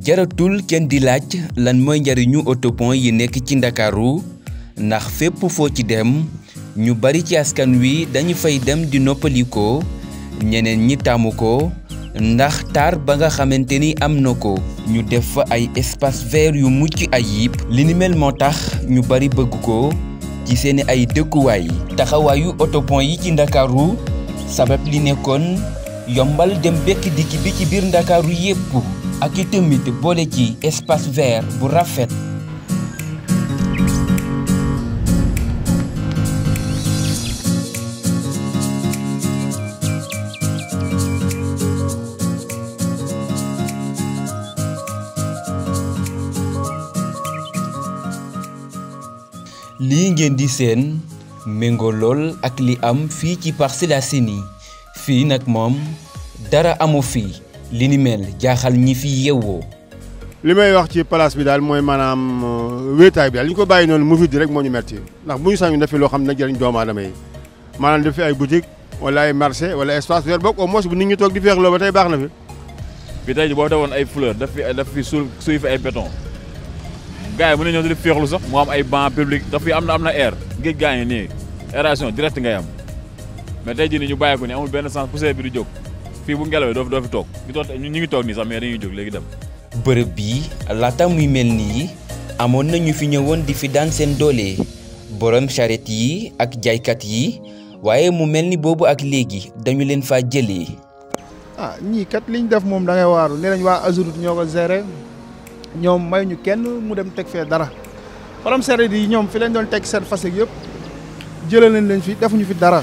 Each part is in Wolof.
jaratul kenn di laaj lan mooy njariñu autopont yi nekk ci ndakaaru ndax fépp foo ci dem ñu bari ci askan wi dañu fay dem di noppalikoo ñeneen ñi taamu ko ndax taar ba nga xamante ni am na ko ñu def fa ay espace vert yu mucc ayib li ni mel moo tax ñu bari bëgg ko ci seeni ay dëkkuwaay taxawaayu autopont yi ci ndakaaru sabab li nekkoon yombal dem bekk dikki bi ci biir ndakaaru yépp ak itamit boole ci espace bu rafet lii ngeen di seen méngoo lool ak li am fii ci Parcelles Assainies fii nag moom dara amu fii li ni mel jaaxal ñi fi yeewoo. limay wax ci place bi dal moy manam euh, wéetaay bi liñ ko bayyi non mu fi Mouride rek moo ñu metti ndax buñu sañu def fi loo xam ne jëriñ doom adamay manam maanaam def fi ay boutique wala ay marché wala espace vert bok au moins bu nit ñi tok di feex lo ba tay baxna fi. bi tay jii boo defoon ay fleur daf fi daf fi suul suy fi ay béton gaay mu mën ñoo di féexlu sax mu am ay banc public daf fi amna na air géej gaay ni nii aération direct ngay am mais tay ji ni ñu bàyyi ko nii amul ben sens poussière bi du jóg. fii bu ngelawee doo fi doo fi toog ñu ngi toog nii sax mais dañuy jóg léegi dem. bërëb bii laata muy mel nii amoon na ñu fi ñëwoon di fi daan seen doole borom charrette yi ak jaaykat yi waaye mu mel ni boobu ak léegi dañu leen faa jëlee. ah ñii kat liñ def moom dangay ngay waaru nee waa Azurut ñoo ko gérer ñoom may ñu kenn mu dem teg fee dara borom charrette yi ñoom fi lañ doon teg seen fas yëpp jëlee nañ leen fii defuñu fi dara.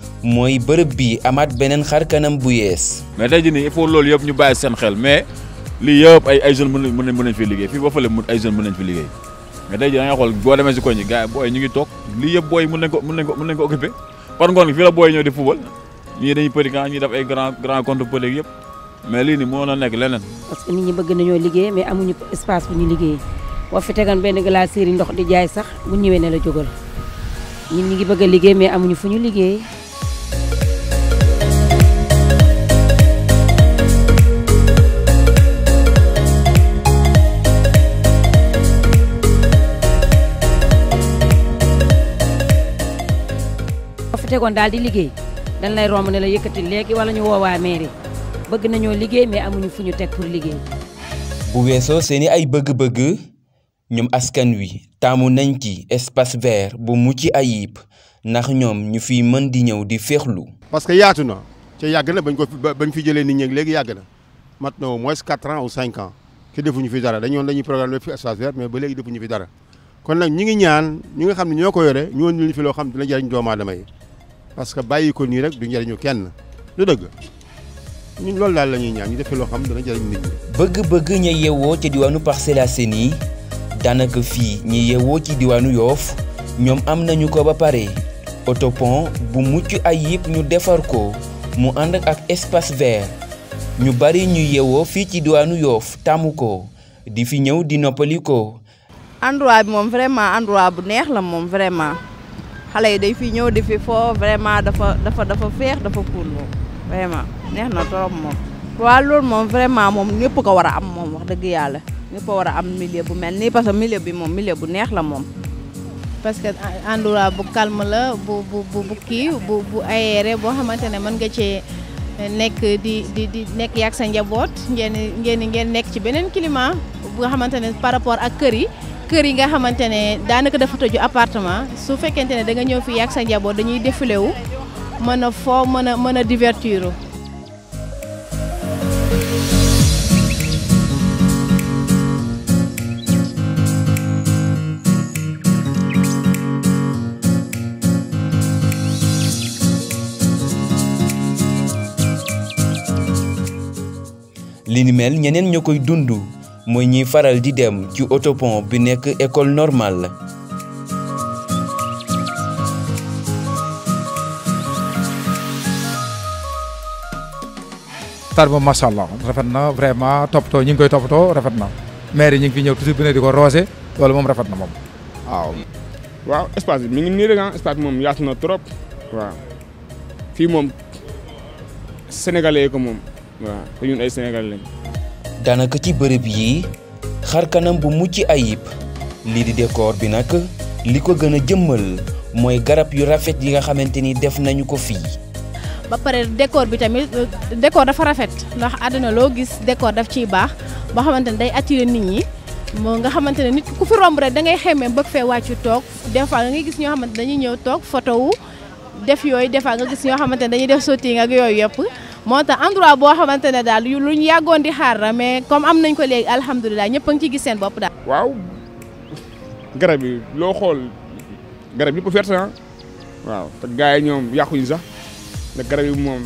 moy bërëb bi amat benen xar kanam bu yes mais tey ni il faut lol yop ñu baye sen xel mais li yop ay ay jeune mën mën nañ fi liggéey fi ba fele mu ay jeune mën nañ fi liggéey mais tey da nga xol bo démé ci koñ yi gars yi ñu ngi tok li yop boy mën nañ ko mën nañ ko mën nañ ko occupé par ngon fi la boy ñëw di football ni dañuy président ñi daf ay grand grand compte politique yop mais li ni mo na nek lenen parce que nit ñi bëgg nañu liggéey mais amuñu espace bu ñu liggéey wa fi tégan ben glacière ndox di jaay sax bu ñëwé ne la jógal ñun ñi ngi bëgg a liggéey mais amuñu fu ñu liggéey tegoon daal di liggéey dañ lay romb ne la yëkkati léegi wala ñu woowaa mairie bëgg nañoo liggéey mais amuñu fu ñu teg pour liggéey. bu weesoo seeni ay bëgg-bëgg ñoom askan wi taamu nañ ci espace vert bu mucc ayib nax ñoom ñu fiy mën di ñëw di féexlu. parce que yaatu na ca yàgg na bañ ko bañ fi jëlee nit ñi léegi yàgg na mat na au moins quatre ans ou cinq ans te defuñu fi dara dañoon dañuy programme fi espace vert mais ba léegi defuñu fi dara kon nag ñi ngi ñaan ñi nga xam ne ñoo ko yore ñu woon loo xam ne dina jëriñ doomu yi parce que bàyyi ko nii rek du njëriñu kenn du dëgg ñun loolu daal la ñuy ñaan ñu defee loo xam dana jëriñ nit ñi. bëgg-bëgg ña yeewoo ca diwaanu Parcelles Assainies daanaka fii ñi yeewoo ci diwaanu Yoff ñoom am nañu ko ba pare autopont bu mucc ay ayib ñu defar ko mu ànd ak espace vert ñu bari ñu yeewoo fii ci diwaanu Yoff tàmmu ko di fi ñëw di noppali ko. endroit bi moom vraiment endroit bu neex la moom vraiment. xalé yi day fii ñëw di fi fo vraiment dafa dafa dafa féex dafa cool moom vraiment neex na trop moom wa lool mom vraiment mom ñepp ko wara am mom wax deug yalla ñepp wara am milieu bu melni parce que milieu bi mom milieu bu neex la mom parce que andoura bu calme la bu bu bu bu ki bu bu aéré bo xamantene man nga ci nek di di di nek yak sa njabot ngeen ngeen ngeen nek ci benen climat bu nga xamante par rapport ak kër kër yi nga xamante ne daanaka dafa tëju appartement su fekkente ne da nga ñëw fii ak sa njaboot dañuy défilé wu mën a foo mën divertir li ni mel ñeneen ñoo koy mooy ñiy faral di dem ci autopont bi nekk école normale tar moom macha allah rafet na vraiment toppatoo ñi ngi koy toppatoo rafet na maire yi ñu ngi fi ñëw toujours bi di ko roose loolu moom rafet na moom waaw. waaw espace bi mi ngi ah, moom yaatu na trop waaw fii moom sénégalais ko moom waaw te ñun ay sénégalais lañ. daanaka ci bërëb yi xar kanam bu mucc ayib li di décor bi nak liko gëna jëmmal moy garab yu rafet yi nga xamanteni def nañu ko fi ba paré décor bi tamit décor dafa rafet ndax àddina lo gis décor daf ci bax bo xamanteni day attirer nit ñi mo nga xamanteni nit ku fi romb rek da ngay xémé fé waccu tok des fois nga gis ño xamanteni dañuy ñëw tok photo wu def yoy defa nga gis ño xamanteni dañuy def ak yoy yépp moo tax endroit boo xamante ne daal yu luñ yàggoon di xaar la mais comme am nañ ko léegi alhamdulilah ñëpp a ngi ciy gis seen bopp daal. waaw garab yi loo xool garab yëpp vert ah waaw te gars yi ñoom yàquñu sax ndax garab yi moom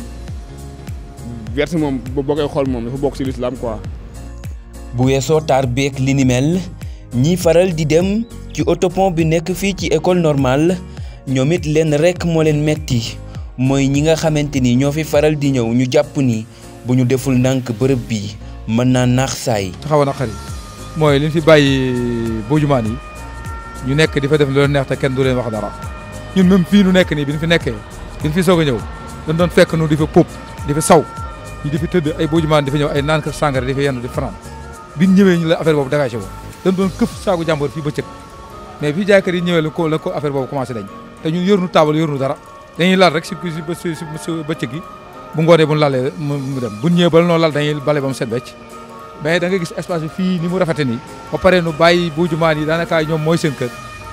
vert moom boo koy xool moom dafa bokk ci lislaam quoi. bu weesoo taar beeg li ni mel ñiy faral di dem ci autopont bi nekk fii ci école normale ñoom it leen rekk moo leen metti mooy ñi nga xamante ni ñoo fi faral di ñëw ñu jàpp ni bu ñu deful ndànk bërëb bii mën naa naax saay. xaw na xari mooy li ñu fi bàyyi bojumaan yi ñu nekk di fa def lu leen neex te kenn du leen wax dara ñun même fii nu nekk nii bi ñu fi nekkee bi ñu soog ñëw dañ doon fekk nu di fa pop di fa saw ñu di fi tëdd ay bojumaan di fa ñëw ay naan kër sàngara di fa yenn di fanaan bi ñëwee ñu la affaire boobu dégagé woon dañ doon këf saagu jàmbur fii bëccëg mais bi jaaykat yi ñëwee la ko la ko affaire boobu commencé dañ te taabal yor dara dañuy lal rek si ci ci si gi bu ngone bu lalé mu dem bu ñëbal no lal dañuy balé bam mu set wecc mais da nga gis espace fi ni mu rafete ni ba paré nu bayyi bu jumaan da naka ñom moy seen kër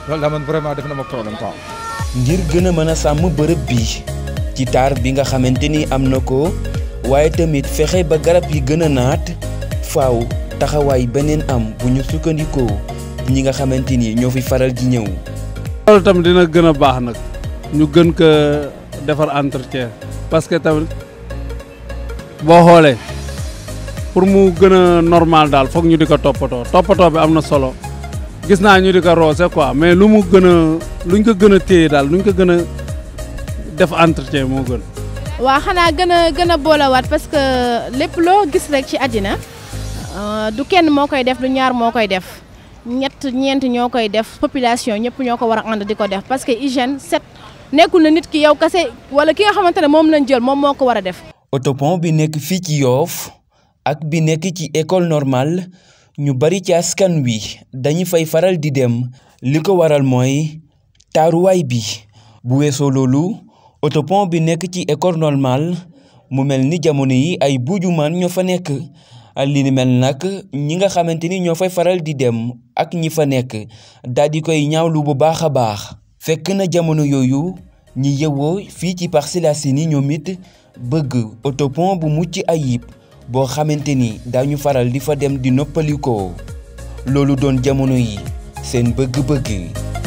lool la man vraiment def na ma problème quoi. ngir gëna mëna sam bërepp bi ci tar bi nga xamanteni am na ko waaye tamit fexé ba garab yi gëna naat faaw taxaway benen am bu ñu sukkandiko ñi nga xamanteni ñofi fi faral di ñëw. lool tam dina gëna bax nak ñu gën ko defar entretien parce que tamit boo xoolee pour mu gën normal dal foog ñu di ko toppatoo toppatoo bi am solo gis naa ñu di ko roose quoi mais lu mu gën a luñ ko gën a téye daal luñ ko gën a def entretien moo gën waa xanaa gën a gën a boolewaat parce que lépp loo gis rek ci àddina euh, du kenn moo koy def du ñaar moo koy def ñett ñeent ñoo koy def population ñëpp ñoo ko war a di ko def parce que hygiène set nekkul na nit ki yow kase wala ki nga xamante ne moom lañ jël moom moo ko war a def. autopont bi nekk fii ci yoof ak bi nekk ci école normale ñu bari ci askan wi dañu fay faral di dem li ko waral mooy taaruwaay bi bu weesoo loolu autopont bi nekk ci école normale mu mel ni jamono yi ay buujumaan ñoo fa nekk. li ni mel nag ñi nga xamante ni ñoo fay faral di dem ak ñi fa nekk daal di koy ñaawlu bu baax a baax fekk na jamono yooyu ñi yewoo fii ci yi ni ñoom it bëgg autopont bu mucc ayib boo xamante ni dañu faral di fa dem di noppalikoo loolu doon jamono yi seen bëgg-bëgg.